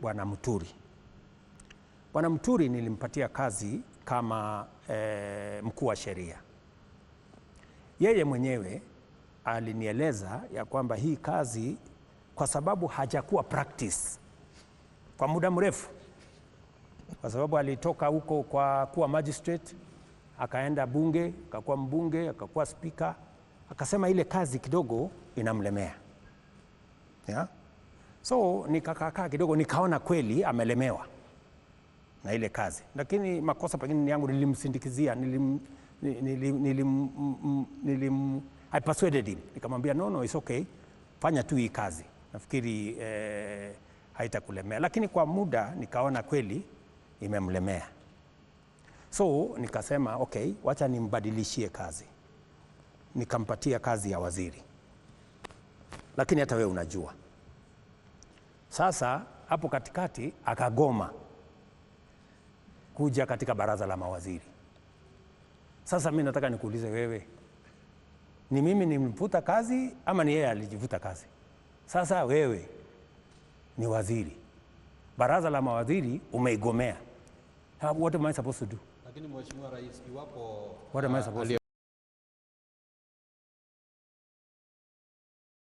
Bwana Muturi. Bwana Muturi nilimpatia kazi kama e, mkuu wa sheria. Yeye mwenyewe alinieleza ya kwamba hii kazi kwa sababu hajakuwa practice kwa muda mrefu, kwa sababu alitoka huko kwa kuwa magistrate, akaenda bunge, akakuwa mbunge, akakuwa spika, akasema ile kazi kidogo inamlemea yeah? So nikakaakaa kidogo, nikaona kweli amelemewa na ile kazi, lakini makosa pengine ni yangu, nilimsindikizia, nilim, nilim, nilim, mm, nilim, I persuaded him, nikamwambia no, no, it's okay, fanya tu hii kazi, nafikiri eh, haitakulemea. Lakini kwa muda nikaona kweli imemlemea, so nikasema okay, wacha nimbadilishie kazi, nikampatia kazi ya waziri. Lakini hata wewe unajua sasa hapo katikati akagoma kuja katika baraza la mawaziri. Sasa mimi nataka nikuulize wewe, ni mimi nimvuta kazi ama ni yeye alijivuta kazi? Sasa wewe ni waziri, baraza la mawaziri umeigomea. What am I supposed to do? Lakini mheshimiwa rais, iwapo what am I supposed to do?